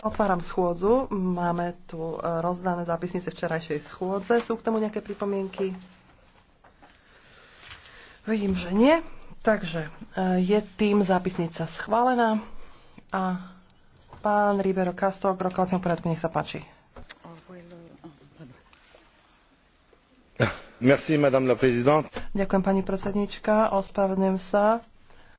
Otváram schôdzu. Máme tu e, rozdané zápisnice včerajšej schôdze. Sú k tomu nejaké pripomienky? Vidím, že nie. Takže e, je tým zápisnica schválená. A pán Ribero Castro k rokovaciemu poriadku, nech sa páči. Ďakujem, pani predsednička. Ospravedlňujem sa